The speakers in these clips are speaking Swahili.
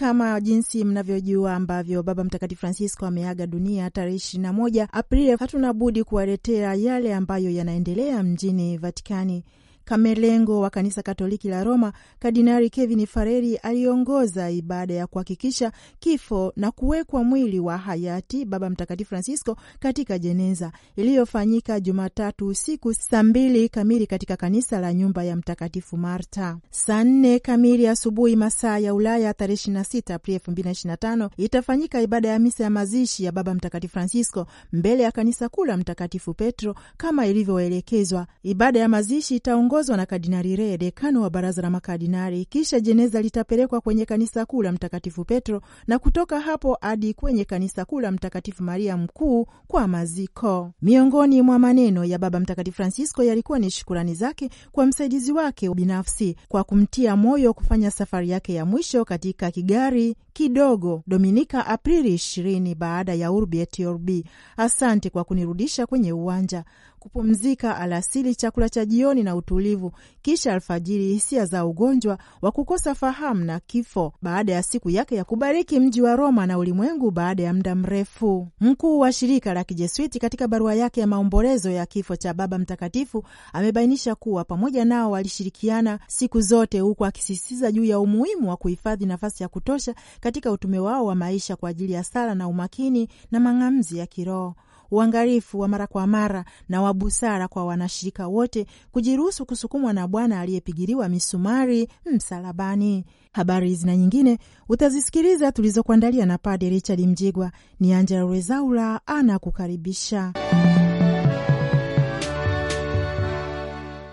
kama jinsi mnavyojua ambavyo Baba Mtakatifu Francisco ameaga dunia tarehe moja Aprili, hatuna budi kuwaletea yale ambayo yanaendelea mjini Vatikani kamelengo wa kanisa Katoliki la Roma, Kardinali Kevin Fareri aliongoza ibada ya kuhakikisha kifo na kuwekwa mwili wa hayati Baba Mtakatifu Francisco katika jeneza iliyofanyika Jumatatu usiku saa mbili kamili katika kanisa la nyumba ya Mtakatifu Marta. Saa nne kamili asubuhi masaa ya Ulaya tarehe 26 Aprili 2025 itafanyika ibada ya misa ya mazishi ya Baba Mtakatifu Francisco mbele ya kanisa kuu la Mtakatifu Petro kama ilivyoelekezwa. Ibada ya mazishi itaongoza itaongozwa na Kardinali Ree, dekano wa baraza la makardinali. Kisha jeneza litapelekwa kwenye kanisa kuu la Mtakatifu Petro na kutoka hapo hadi kwenye kanisa kuu la Mtakatifu Maria Mkuu kwa maziko. Miongoni mwa maneno ya Baba Mtakatifu Francisco yalikuwa ni shukurani zake kwa msaidizi wake binafsi kwa kumtia moyo kufanya safari yake ya mwisho katika kigari kidogo Dominika Aprili ishirini baada ya Urbi et Orbi. Asante kwa kunirudisha kwenye uwanja kupumzika alasili chakula cha jioni na utulivu, kisha alfajiri hisia za ugonjwa wa kukosa fahamu na kifo, baada ya siku yake ya kubariki mji wa Roma na ulimwengu baada ya muda mrefu. Mkuu wa shirika la Kijesuiti katika barua yake ya maombolezo ya kifo cha Baba Mtakatifu amebainisha kuwa pamoja nao walishirikiana siku zote, huku akisisitiza juu ya umuhimu wa kuhifadhi nafasi ya kutosha katika utume wao wa maisha kwa ajili ya sala na umakini na mang'amzi ya kiroho uangalifu wa mara kwa mara na wa busara kwa wanashirika wote kujiruhusu kusukumwa na Bwana aliyepigiliwa misumari msalabani. Habari hizi na nyingine utazisikiliza tulizokuandalia na Padre Richard Mjigwa. Ni Angela Rezaula anakukaribisha.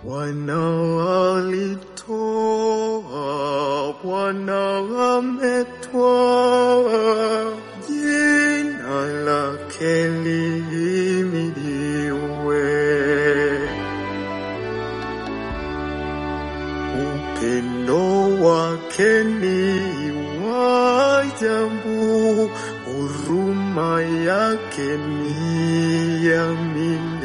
Wanaolitoa Bwana ametwaa jina lake 天里你的味，upendo wake ni wa ajabu, huruma yake ni ya milele.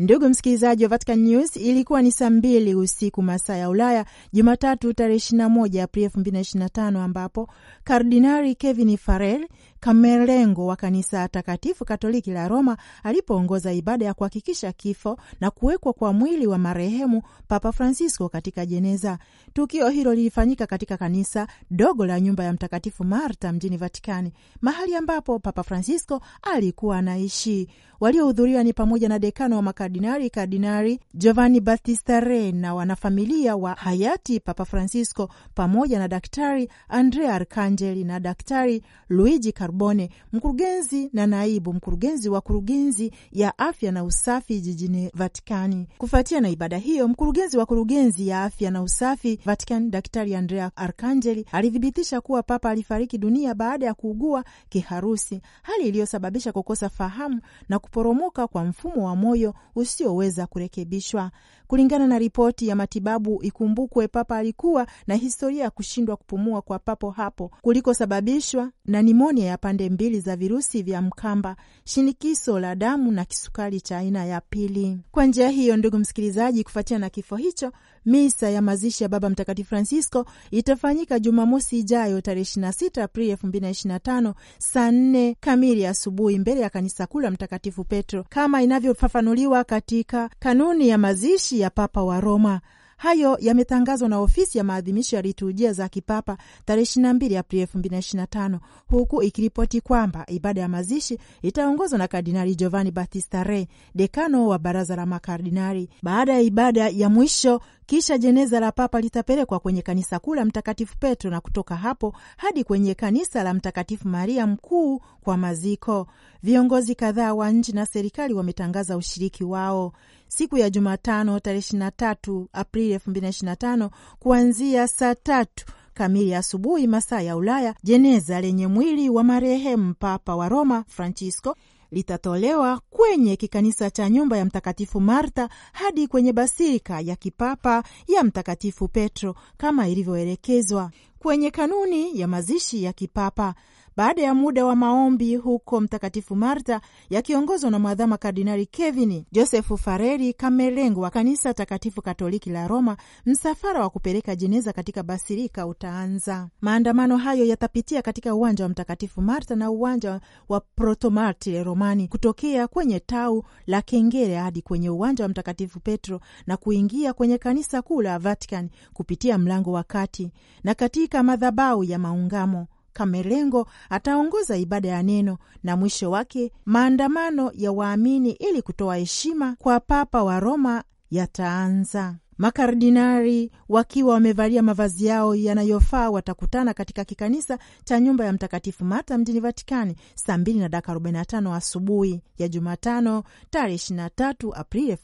Ndugu msikilizaji wa Vatican News, ilikuwa ni saa mbili usiku masaa ya Ulaya, Jumatatu tarehe 21 Aprili 2025 ambapo Kardinari Kevin Farrell kamelengo wa Kanisa Takatifu Katoliki la Roma alipoongoza ibada ya kuhakikisha kifo na kuwekwa kwa mwili wa marehemu Papa Francisco katika jeneza. Tukio hilo lilifanyika katika kanisa dogo la nyumba ya Mtakatifu Marta mjini Vatikani, mahali ambapo Papa Francisco alikuwa anaishi. Waliohudhuriwa ni pamoja na dekano wa makardinali Kardinali Giovanni Battista Re na wanafamilia wa hayati Papa Francisco pamoja na Daktari Andrea Arcangeli na Daktari Luigi Car Narbonne, mkurugenzi na naibu mkurugenzi wa kurugenzi ya afya na usafi jijini Vatikani. Kufuatia na ibada hiyo, mkurugenzi wa kurugenzi ya afya na usafi Vatikani, Daktari Andrea Arcangeli alithibitisha kuwa Papa alifariki dunia baada ya kuugua kiharusi, hali iliyosababisha kukosa fahamu na kuporomoka kwa mfumo wa moyo usioweza kurekebishwa. Kulingana na ripoti ya matibabu, ikumbukwe Papa alikuwa na historia ya kushindwa kupumua kwa papo hapo kulikosababishwa na nimonia ya pande mbili za virusi vya mkamba, shinikizo la damu na kisukari cha aina ya pili. Kwa njia hiyo, ndugu msikilizaji, kufuatia na kifo hicho, misa ya mazishi ya Baba Mtakatifu Francisco itafanyika Jumamosi ijayo tarehe 26 Aprili 2025 saa 4 kamili asubuhi mbele ya kanisa kuu la Mtakatifu Petro kama inavyofafanuliwa katika kanuni ya mazishi ya Papa wa Roma. Hayo yametangazwa na ofisi ya maadhimisho ya liturujia za kipapa tarehe 22 Aprili 2025 huku ikiripoti kwamba ibada ya mazishi itaongozwa na Kardinali Giovanni Battista Re, dekano wa baraza la makardinali. Baada ya ibada ya mwisho, kisha jeneza la papa litapelekwa kwenye kanisa kuu la Mtakatifu Petro na kutoka hapo hadi kwenye kanisa la Mtakatifu Maria Mkuu kwa maziko. Viongozi kadhaa wa nchi na serikali wametangaza ushiriki wao siku ya Jumatano tarehe 23 Aprili 2025 kuanzia saa tatu kamili asubuhi masaa ya Ulaya, jeneza lenye mwili wa marehemu Papa wa Roma Francisco litatolewa kwenye kikanisa cha nyumba ya Mtakatifu Marta hadi kwenye basilika ya kipapa ya Mtakatifu Petro kama ilivyoelekezwa kwenye kanuni ya mazishi ya kipapa baada ya muda wa maombi huko Mtakatifu Marta yakiongozwa na mwadhama Kardinali Kevin Josefu Fareri Kamelengo wa Kanisa Takatifu Katoliki la Roma, msafara wa kupeleka jeneza katika basilika utaanza. Maandamano hayo yatapitia katika uwanja wa Mtakatifu Marta na uwanja wa Protomartire Romani kutokea kwenye tau la kengele hadi kwenye uwanja wa Mtakatifu Petro na kuingia kwenye kanisa kuu la Vatican kupitia mlango wa kati na katika madhabahu ya maungamo Kamelengo ataongoza ibada ya neno na mwisho wake maandamano ya waamini ili kutoa heshima kwa Papa wa Roma yataanza. Makardinari wakiwa wamevalia mavazi yao yanayofaa watakutana katika kikanisa cha nyumba ya Mtakatifu mata mjini Vatikani saa mbili na dakika tano asubuhi ya Jumatano tarehe tatu Aprili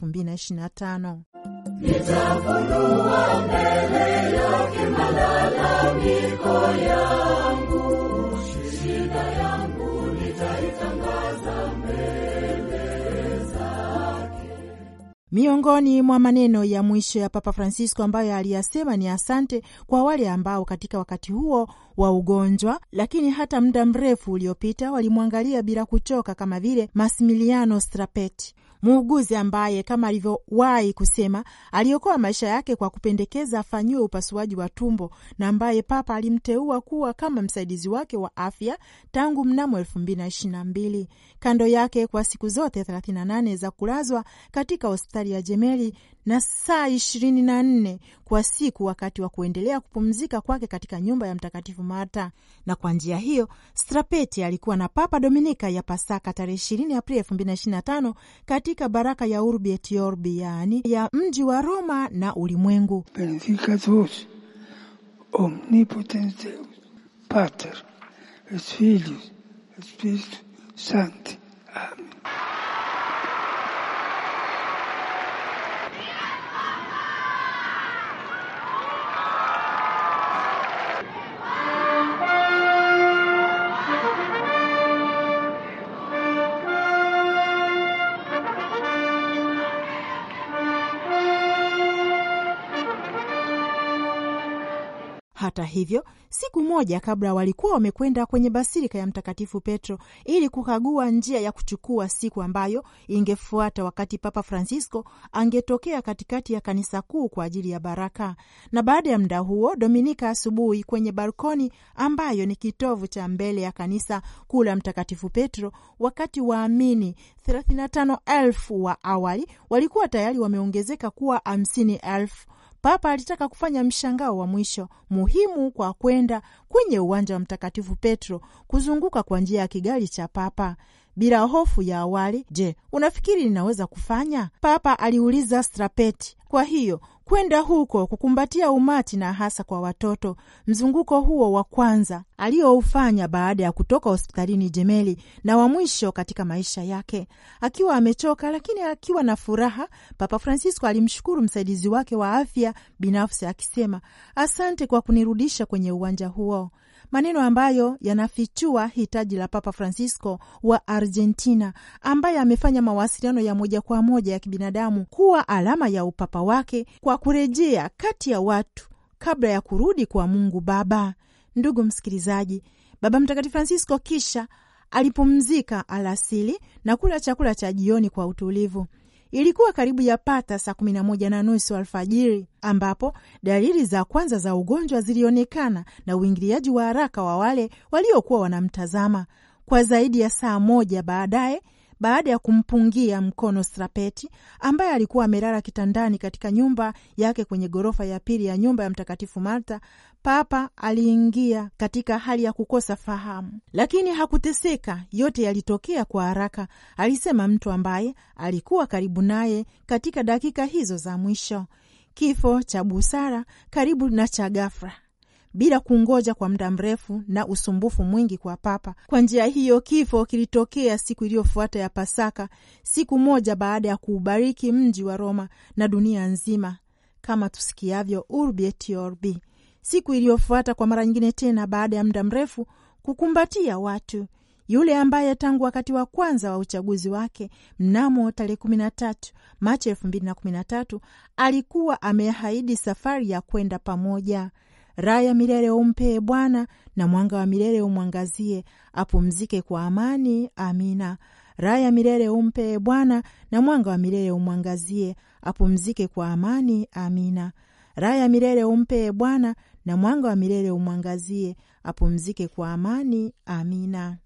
tano. Nitafunua mbele yake malalamiko yao Miongoni mwa maneno ya mwisho ya Papa Francisco ambayo aliyasema ni asante kwa wale ambao katika wakati huo wa ugonjwa, lakini hata muda mrefu uliopita, walimwangalia bila kuchoka, kama vile Masimiliano Strapeti, muuguzi ambaye kama alivyowahi kusema aliokoa maisha yake kwa kupendekeza afanyiwe upasuaji wa tumbo na ambaye Papa alimteua kuwa kama msaidizi wake wa afya tangu mnamo 2022. Kando yake kwa siku zote 38 za kulazwa katika hospitali ya Jemeli na saa ishirini na nne kwa siku wakati wa kuendelea kupumzika kwake katika nyumba ya Mtakatifu Marta, na kwa njia hiyo Strapeti alikuwa na Papa Dominika ya Pasaka tarehe ishirini Aprili elfu mbili na ishirini na tano katika baraka ya Urbi et Orbi, yaani ya mji wa Roma na ulimwengu. Benedicat vos omnipotens Deus pater et filius et spiritus sancti amen. Hata hivyo, siku moja kabla walikuwa wamekwenda kwenye basilika ya Mtakatifu Petro ili kukagua njia ya kuchukua siku ambayo ingefuata wakati Papa Francisco angetokea katikati ya kanisa kuu kwa ajili ya baraka. Na baada ya muda huo, Dominika asubuhi, kwenye balkoni ambayo ni kitovu cha mbele ya kanisa kuu la Mtakatifu Petro, wakati waamini 35,000 wa awali walikuwa tayari wameongezeka kuwa 50,000 Papa alitaka kufanya mshangao wa mwisho muhimu kwa kwenda kwenye uwanja wa Mtakatifu Petro kuzunguka kwa njia ya kigali cha Papa bila hofu ya awali. Je, unafikiri ninaweza kufanya? Papa aliuliza Strapeti. Kwa hiyo kwenda huko kukumbatia umati na hasa kwa watoto. Mzunguko huo wa kwanza aliyoufanya baada ya kutoka hospitalini Jemeli na wa mwisho katika maisha yake, akiwa amechoka lakini akiwa na furaha. Papa Francisco alimshukuru msaidizi wake wa afya binafsi akisema, asante kwa kunirudisha kwenye uwanja huo maneno ambayo yanafichua hitaji la Papa Francisco wa Argentina ambaye amefanya mawasiliano ya moja kwa moja ya kibinadamu kuwa alama ya upapa wake kwa kurejea kati ya watu kabla ya kurudi kwa Mungu Baba. Ndugu msikilizaji, Baba Mtakatifu Francisco kisha alipumzika alasili na kula chakula cha jioni kwa utulivu. Ilikuwa karibu ya pata saa kumi na moja na nusu alfajiri ambapo dalili za kwanza za ugonjwa zilionekana na uingiliaji wa haraka wa wale waliokuwa wanamtazama. Kwa zaidi ya saa moja baadaye baada ya kumpungia mkono Strapeti ambaye alikuwa amelala kitandani katika nyumba yake kwenye ghorofa ya pili ya nyumba ya Mtakatifu Marta. Papa aliingia katika hali ya kukosa fahamu, lakini hakuteseka. Yote yalitokea kwa haraka, alisema mtu ambaye alikuwa karibu naye katika dakika hizo za mwisho. Kifo cha busara karibu na cha ghafla bila kungoja kwa muda mrefu na usumbufu mwingi kwa Papa. Kwa njia hiyo, kifo kilitokea siku iliyofuata ya Pasaka, siku moja baada ya kuubariki mji wa Roma na dunia nzima, kama tusikiavyo Urbi et Orbi. Siku iliyofuata kwa mara nyingine tena, baada ya muda mrefu, kukumbatia watu yule ambaye tangu wakati wa kwanza wa uchaguzi wake mnamo tarehe 1 Machi elfu alikuwa ameahidi safari ya kwenda pamoja Raha ya milele umpee Bwana, na mwanga wa milele umwangazie, apumzike kwa amani. Amina. Raha ya milele umpee Bwana, na mwanga wa milele umwangazie, apumzike kwa amani. Amina. Raha ya milele umpee Bwana, na mwanga wa milele umwangazie, apumzike kwa amani. Amina.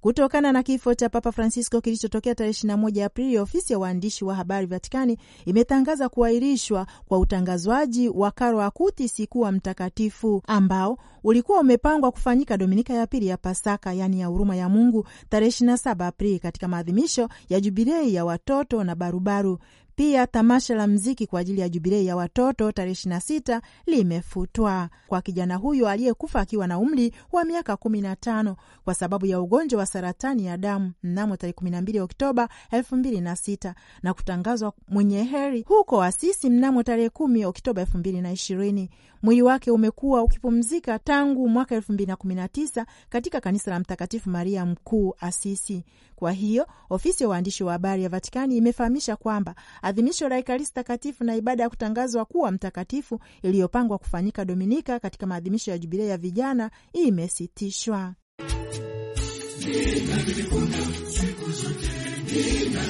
Kutokana na kifo cha Papa Francisco kilichotokea tarehe 21 Aprili, ofisi ya waandishi wa habari Vatikani imetangaza kuahirishwa kwa utangazwaji wa Caro Acutis kuwa mtakatifu ambao ulikuwa umepangwa kufanyika Dominika ya pili ya Pasaka, yaani ya huruma ya Mungu, tarehe 27 Aprili katika maadhimisho ya Jubilei ya watoto na barubaru pia tamasha la mziki kwa ajili ya jubilei ya watoto tarehe 26 limefutwa kwa kijana huyo aliyekufa akiwa na umri wa miaka 15 kwa sababu ya ugonjwa wa saratani ya damu mnamo tarehe 12 Oktoba 2006 na kutangazwa mwenye heri huko Asisi mnamo tarehe 10 Oktoba 2020. Mwili wake umekuwa ukipumzika tangu mwaka elfu mbili na kumi na tisa katika kanisa la Mtakatifu Maria Mkuu Asisi. Kwa hiyo ofisi ya waandishi wa habari ya Vatikani imefahamisha kwamba adhimisho la Ekaristi Takatifu na ibada ya kutangazwa kuwa mtakatifu iliyopangwa kufanyika Dominika katika maadhimisho ya Jubilei ya vijana imesitishwa. Nina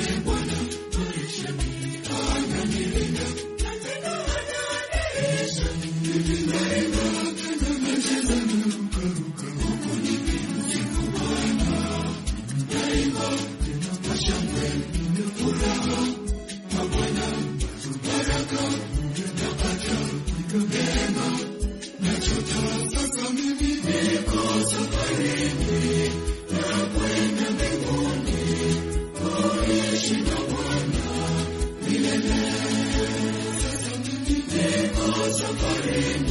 you.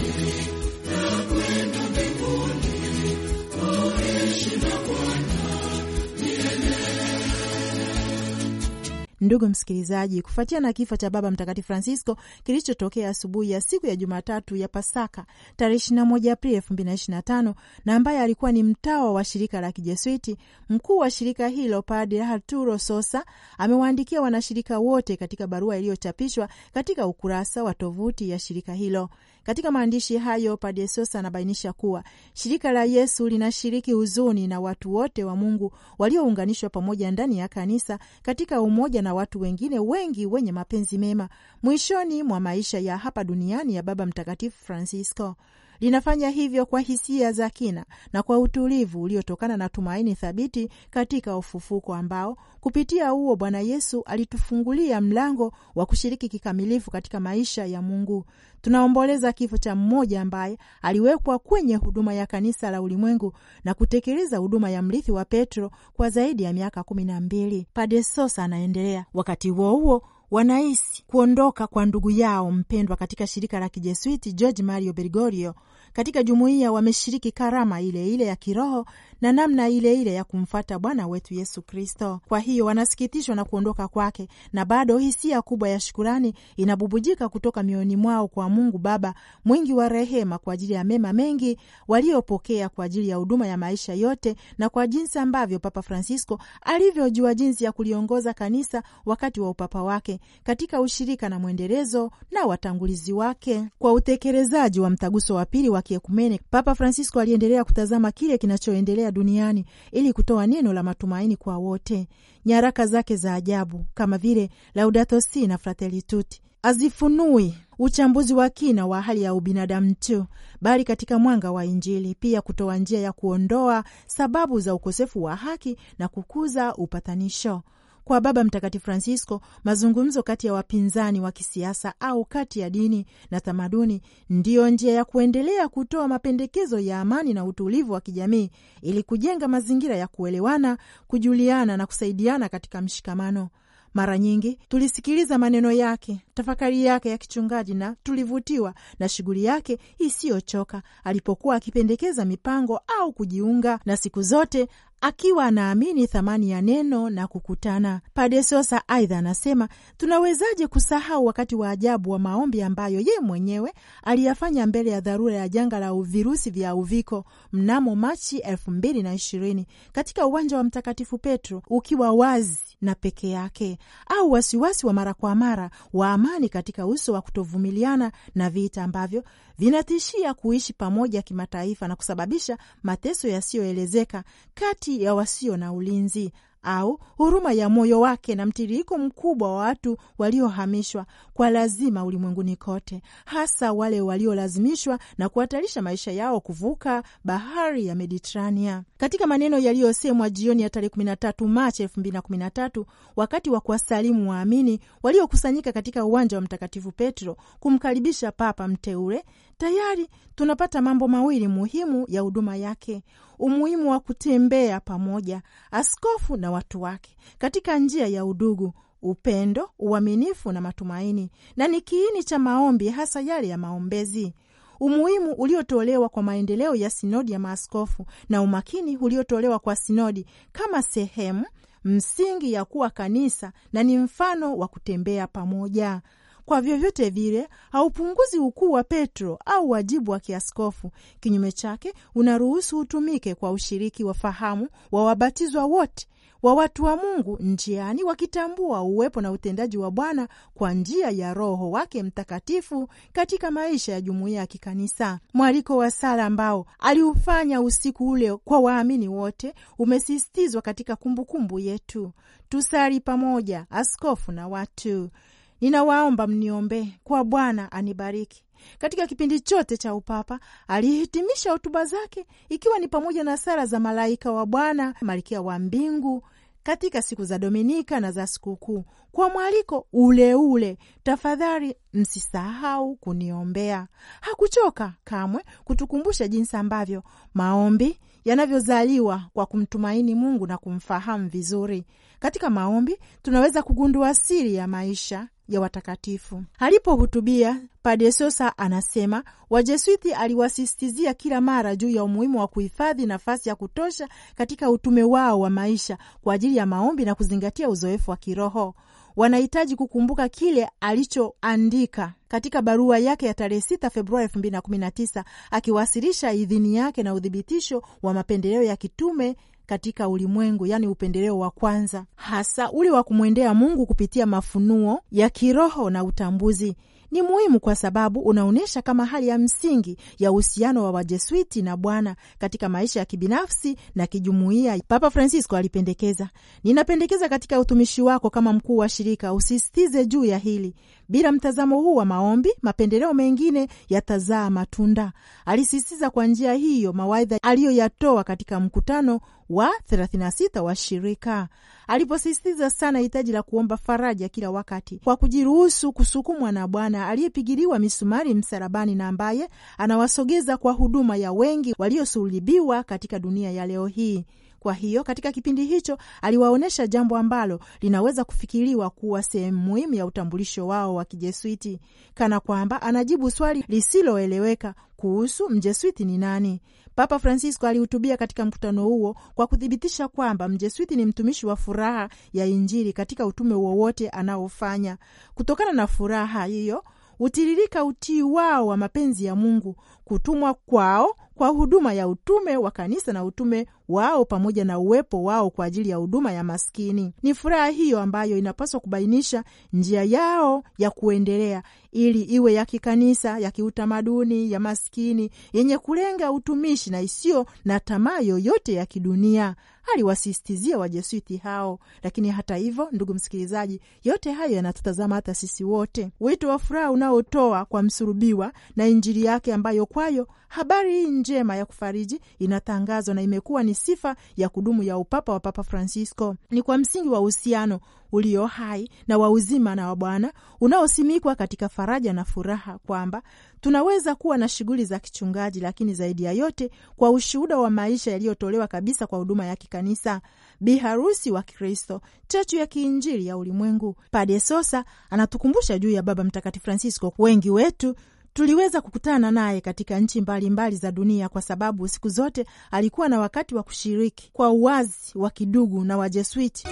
Ndugu msikilizaji, kufuatia na kifo cha Baba Mtakatifu Francisco kilichotokea asubuhi ya siku ya Jumatatu ya Pasaka tarehe 21 Aprili 2025 na ambaye alikuwa ni mtawa wa shirika la Kijesuiti, mkuu wa shirika hilo Padre Arturo Sosa amewaandikia wanashirika wote katika barua iliyochapishwa katika ukurasa wa tovuti ya shirika hilo. Katika maandishi hayo, Padre Sosa anabainisha kuwa shirika la Yesu linashiriki huzuni na watu wote wa Mungu waliounganishwa pamoja ndani ya kanisa katika umoja na watu wengine wengi wenye mapenzi mema mwishoni mwa maisha ya hapa duniani ya Baba Mtakatifu Francisco linafanya hivyo kwa hisia za kina na kwa utulivu uliotokana na tumaini thabiti katika ufufuko ambao kupitia huo Bwana Yesu alitufungulia mlango wa kushiriki kikamilifu katika maisha ya Mungu. Tunaomboleza kifo cha mmoja ambaye aliwekwa kwenye huduma ya kanisa la ulimwengu na kutekeleza huduma ya mrithi wa Petro kwa zaidi ya miaka kumi na mbili. Padre Sosa anaendelea wakati huo huo wanahisi kuondoka kwa ndugu yao mpendwa katika shirika la kijesuiti George Mario Bergoglio katika jumuiya wameshiriki karama ile ile ya kiroho na namna ile ile ya kumfata Bwana wetu Yesu Kristo. Kwa hiyo wanasikitishwa na kuondoka kwake, na bado hisia kubwa ya shukurani inabubujika kutoka mioyoni mwao kwa Mungu Baba mwingi wa rehema kwa ajili ya mema mengi waliopokea kwa ajili ya huduma ya maisha yote na kwa jinsi ambavyo Papa Francisco alivyojua jinsi ya kuliongoza kanisa wakati wa upapa wake katika ushirika na mwendelezo na watangulizi wake kwa utekelezaji wa mtaguso wa pili wa kiekumene. Papa Francisco aliendelea kutazama kile kinachoendelea duniani ili kutoa neno la matumaini kwa wote. Nyaraka zake za ajabu kama vile Laudato Si na Fratelli Tutti azifunui uchambuzi wa kina wa hali ya ubinadamu tu, bali katika mwanga wa Injili pia kutoa njia ya kuondoa sababu za ukosefu wa haki na kukuza upatanisho. Kwa Baba Mtakatifu Francisco, mazungumzo kati ya wapinzani wa kisiasa au kati ya dini na tamaduni ndiyo njia ya kuendelea kutoa mapendekezo ya amani na utulivu wa kijamii ili kujenga mazingira ya kuelewana, kujuliana na kusaidiana katika mshikamano. Mara nyingi tulisikiliza maneno yake, tafakari yake ya kichungaji na tulivutiwa na shughuli yake isiyochoka alipokuwa akipendekeza mipango au kujiunga na siku zote akiwa anaamini thamani ya neno na kukutana. Pade Sosa aidha anasema tunawezaje kusahau wakati wa ajabu wa maombi ambayo ye mwenyewe aliyafanya mbele ya dharura ya janga la virusi vya uviko mnamo Machi elfu mbili na ishirini katika uwanja wa Mtakatifu Petro ukiwa wazi na peke yake, au wasiwasi wa mara kwa mara wa amani katika uso wa kutovumiliana na vita ambavyo vinatishia kuishi pamoja kimataifa na kusababisha mateso yasiyoelezeka kati ya wasio na ulinzi au huruma ya moyo wake na mtiririko mkubwa wa watu waliohamishwa kwa lazima ulimwenguni kote, hasa wale waliolazimishwa na kuhatarisha maisha yao kuvuka bahari ya Mediterania. Katika maneno yaliyosemwa jioni ya tarehe 13 Machi 2013 wakati wa kuwasalimu waamini waliokusanyika katika uwanja wa Mtakatifu Petro kumkaribisha Papa mteule tayari tunapata mambo mawili muhimu ya huduma yake: umuhimu wa kutembea pamoja askofu na watu wake katika njia ya udugu, upendo, uaminifu na matumaini, na ni kiini cha maombi, hasa yale ya maombezi umuhimu uliotolewa kwa maendeleo ya sinodi ya maaskofu na umakini uliotolewa kwa sinodi kama sehemu msingi ya kuwa kanisa na ni mfano wa kutembea pamoja kwa vyovyote vile haupunguzi ukuu wa Petro au wajibu wa kiaskofu. Kinyume chake, unaruhusu utumike kwa ushiriki wa fahamu wa wabatizwa wote wa watu wa Mungu njiani, wakitambua uwepo na utendaji wa Bwana kwa njia ya Roho wake Mtakatifu katika maisha ya jumuiya ya kikanisa. Mwaliko wa sala ambao aliufanya usiku ule kwa waamini wote umesisitizwa katika kumbukumbu yetu. Tusali pamoja, askofu na watu. Ninawaomba mniombee kwa Bwana anibariki katika kipindi chote cha upapa. Alihitimisha hotuba zake ikiwa ni pamoja na sala za malaika wa Bwana, malkia wa mbingu katika siku za Dominika na za sikukuu kwa mwaliko ule ule, tafadhali msisahau kuniombea. Hakuchoka kamwe kutukumbusha jinsi ambavyo maombi yanavyozaliwa kwa kumtumaini Mungu na kumfahamu vizuri. Katika maombi tunaweza kugundua siri ya maisha ya watakatifu. Alipohutubia Padre Sosa anasema Wajesuiti aliwasisitizia kila mara juu ya umuhimu wa kuhifadhi nafasi ya kutosha katika utume wao wa maisha kwa ajili ya maombi na kuzingatia uzoefu wa kiroho. Wanahitaji kukumbuka kile alichoandika katika barua yake ya tarehe 6 Februari 2019 akiwasilisha idhini yake na uthibitisho wa mapendeleo ya kitume katika ulimwengu, yaani upendeleo wa kwanza, hasa ule wa kumwendea Mungu kupitia mafunuo ya kiroho na utambuzi ni muhimu kwa sababu unaonyesha kama hali ya msingi ya uhusiano wa Wajesuiti na Bwana katika maisha ya kibinafsi na kijumuiya. Papa Francisco alipendekeza, ninapendekeza katika utumishi wako kama mkuu wa shirika usisitize juu ya hili. Bila mtazamo huu wa maombi, mapendeleo mengine yatazaa matunda. Alisisitiza kwa njia hiyo mawaidha aliyoyatoa katika mkutano wa 36 wa shirika, aliposisitiza sana hitaji la kuomba faraja kila wakati kwa kujiruhusu kusukumwa na Bwana aliyepigiliwa misumari msalabani na ambaye anawasogeza kwa huduma ya wengi waliosulubiwa katika dunia ya leo hii. Kwa hiyo katika kipindi hicho aliwaonyesha jambo ambalo linaweza kufikiriwa kuwa sehemu muhimu ya utambulisho wao wa Kijesuiti, kana kwamba anajibu swali lisiloeleweka kuhusu mjesuiti ni nani. Papa Francisco alihutubia katika mkutano huo kwa kuthibitisha kwamba mjesuiti ni mtumishi wa furaha ya Injili katika utume wowote anaofanya. Kutokana na furaha hiyo hutiririka utii wao wa mapenzi ya Mungu, kutumwa kwao kwa huduma ya utume wa kanisa na utume wao pamoja na uwepo wao kwa ajili ya huduma ya maskini. Ni furaha hiyo ambayo inapaswa kubainisha njia yao ya kuendelea ili iwe ya kikanisa, ya kiutamaduni, ya maskini, yenye kulenga utumishi na isiyo na tamaa yoyote ya kidunia aliwasistizia Wajesuiti hao. Lakini hata hivyo, ndugu msikilizaji, yote hayo yanatutazama hata sisi wote. Wito wa furaha unaotoa kwa msurubiwa na Injili yake ambayo kwayo habari hii njema ya kufariji inatangazwa na imekuwa ni sifa ya kudumu ya upapa wa Papa Francisco ni kwa msingi wa uhusiano ulio hai na wa uzima na wa Bwana unaosimikwa katika faraja na furaha, kwamba tunaweza kuwa na shughuli za kichungaji, lakini zaidi ya yote kwa ushuhuda wa maisha yaliyotolewa kabisa kwa huduma ya kikanisa, biharusi wa Kristo, chachu ya kiinjili ya ulimwengu. Pade Sosa anatukumbusha juu ya Baba Mtakatifu Francisco. Wengi wetu tuliweza kukutana naye katika nchi mbalimbali mbali za dunia, kwa sababu siku zote alikuwa na wakati wa kushiriki kwa uwazi wa kidugu na Wajesuiti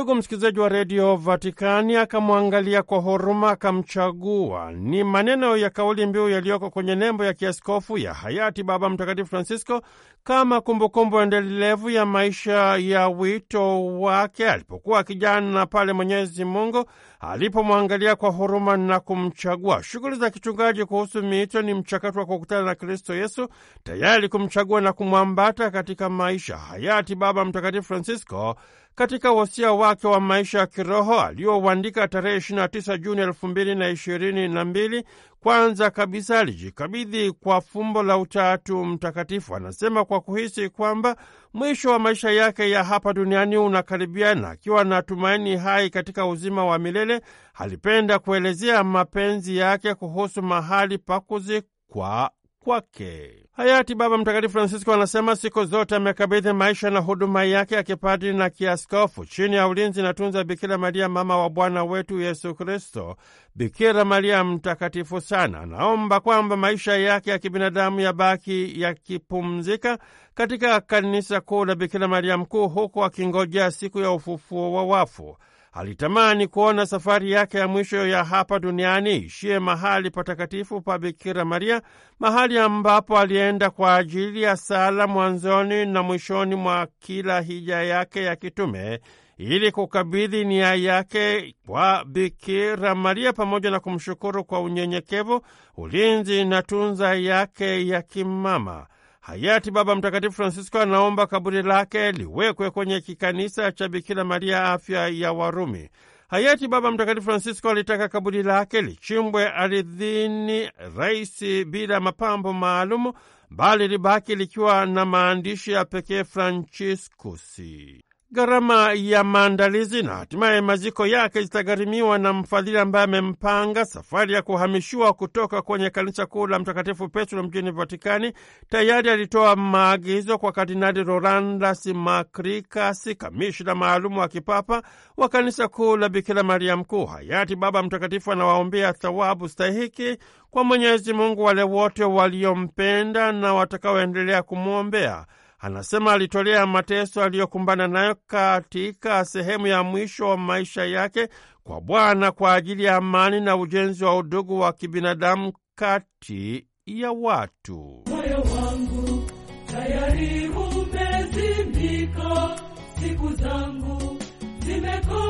Ndugu msikilizaji wa redio Vatikani, akamwangalia kwa huruma, akamchagua. Ni maneno ya kauli mbiu yaliyoko kwenye nembo ya kiaskofu ya hayati Baba Mtakatifu Francisco kama kumbukumbu endelevu ya maisha ya wito wake alipokuwa kijana, pale Mwenyezi Mungu alipomwangalia kwa huruma na kumchagua. Shughuli za kichungaji kuhusu miito ni mchakato wa kukutana na Kristo Yesu, tayari kumchagua na kumwambata katika maisha. Hayati Baba Mtakatifu Francisco katika wasia wake wa maisha ya kiroho aliyouandika tarehe 29 Juni 2022. Kwanza kabisa alijikabidhi kwa fumbo la Utatu Mtakatifu. Anasema kwa kuhisi kwamba mwisho wa maisha yake ya hapa duniani unakaribia, na akiwa na tumaini hai katika uzima wa milele, alipenda kuelezea mapenzi yake kuhusu mahali pa kuzikwa kwake. Hayati Baba Mtakatifu Francisco anasema siku zote amekabidhi maisha na huduma yake ya kipadri na kiaskofu chini ya ulinzi na tunza Bikira Maria, mama wa Bwana wetu Yesu Kristo. Bikira Maria mtakatifu sana, anaomba kwamba maisha yake ya kibinadamu yabaki yakipumzika katika kanisa kuu la Bikira Maria Mkuu, huku akingojea siku ya ufufuo wa wafu alitamani kuona safari yake ya mwisho ya hapa duniani ishie mahali patakatifu pa Bikira Maria, mahali ambapo alienda kwa ajili ya sala mwanzoni na mwishoni mwa kila hija yake ya kitume ili kukabidhi nia yake kwa Bikira Maria pamoja na kumshukuru kwa unyenyekevu, ulinzi na tunza yake ya kimama. Hayati Baba Mtakatifu Francisco anaomba kaburi lake liwekwe kwenye kikanisa cha Bikira Maria afya ya Warumi. Hayati Baba Mtakatifu Francisco alitaka kaburi lake lichimbwe aridhini raisi bila mapambo maalumu, bali libaki likiwa na maandishi ya pekee Franciscusi gharama ya maandalizi na hatimaye maziko yake zitagharimiwa na mfadhili ambaye amempanga safari ya kuhamishiwa kutoka kwenye kanisa kuu la Mtakatifu Petro mjini Vatikani. Tayari alitoa maagizo kwa Kardinali Rolandas makrikas kamishna maalumu wa kipapa wa kanisa kuu la Bikira Maria Mkuu hayati Baba Mtakatifu anawaombea thawabu stahiki kwa Mwenyezi Mungu wale wote waliompenda na watakaoendelea kumwombea. Anasema alitolea mateso aliyokumbana nayo katika sehemu ya mwisho wa maisha yake kwa Bwana kwa ajili ya amani na ujenzi wa udugu wa kibinadamu kati ya watu. Moyo wangu tayari umezimika, siku zangu zimekoma,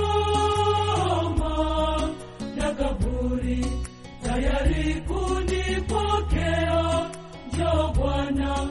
na kaburi tayari kunipokea. Njoo Bwana,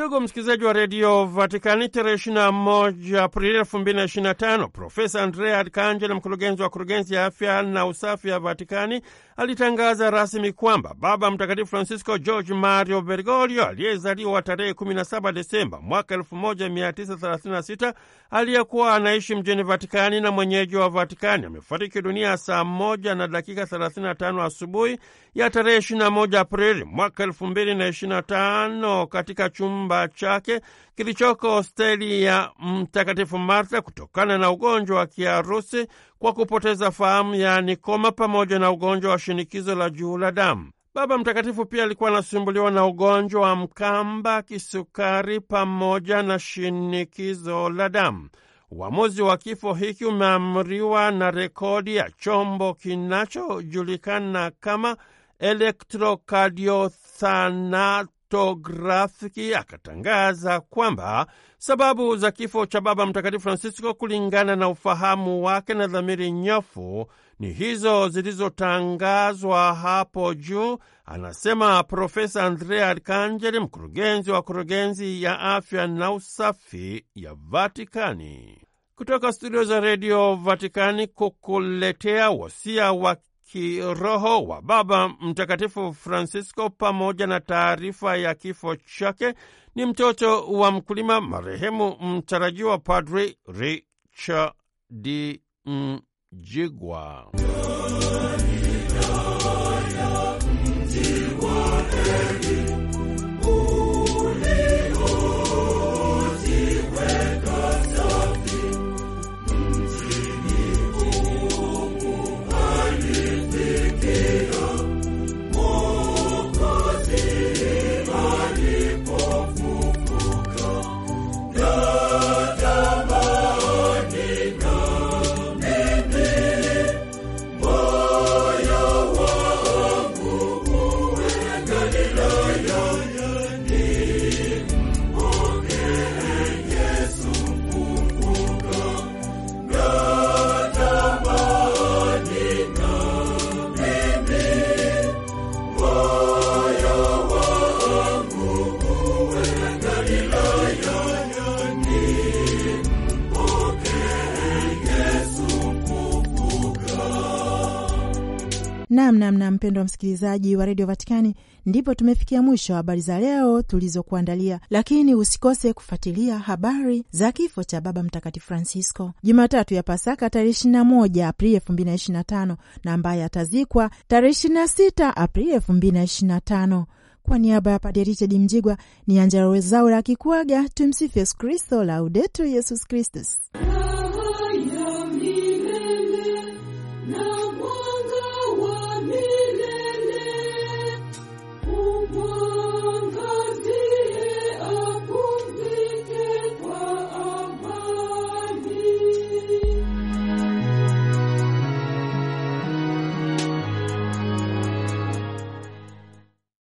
Ndugu msikilizaji wa redio Vatikani, tarehe 21 Aprili 2025, Profesa Andrea Arcangelo, mkurugenzi wa kurugenzi ya afya na usafi ya Vatikani, alitangaza rasmi kwamba Baba Mtakatifu Francisco George Mario Bergoglio, aliyezaliwa tarehe 17 Desemba mwaka 1936, aliyekuwa anaishi mjini Vatikani na mwenyeji wa Vatikani, amefariki dunia saa moja na dakika 35 asubuhi ya tarehe 21 Aprili mwaka 2025 katika chumba chumba chake kilichoko hosteli ya Mtakatifu Martha kutokana na ugonjwa wa kiharusi kwa kupoteza fahamu ya yaani koma, pamoja na ugonjwa wa shinikizo la juu la damu. Baba Mtakatifu pia alikuwa anasumbuliwa na ugonjwa wa mkamba, kisukari pamoja na shinikizo la damu. Uamuzi wa kifo hiki umeamriwa na rekodi ya chombo kinachojulikana kama elektrokardiothanatogramu kihistorografiki akatangaza kwamba sababu za kifo cha Baba Mtakatifu Francisco kulingana na ufahamu wake na dhamiri nyofu ni hizo zilizotangazwa hapo juu, anasema Profesa Andrea Arcangeli, mkurugenzi wa kurugenzi ya afya na usafi ya Vatikani. Kutoka studio za redio Vatikani kukuletea wasia wa kiroho wa Baba Mtakatifu Francisco pamoja na taarifa ya kifo chake ni mtoto wa mkulima marehemu mtarajiwa Padri Richard Mjigwa. Namnamna mpendo wa msikilizaji wa redio Vatikani, ndipo tumefikia mwisho habari za leo tulizokuandalia, lakini usikose kufuatilia habari za kifo cha Baba Mtakatifu Francisco Jumatatu ya Pasaka tarehe 21 Aprili 2025 na ambaye atazikwa tarehe 26 Aprili 2025. Kwa niaba ya Padre Richard Mjigwa ni Anjaro Wezaura akikuaga. Tumsifu Yesu Kristo, laudetu Yesus Kristus.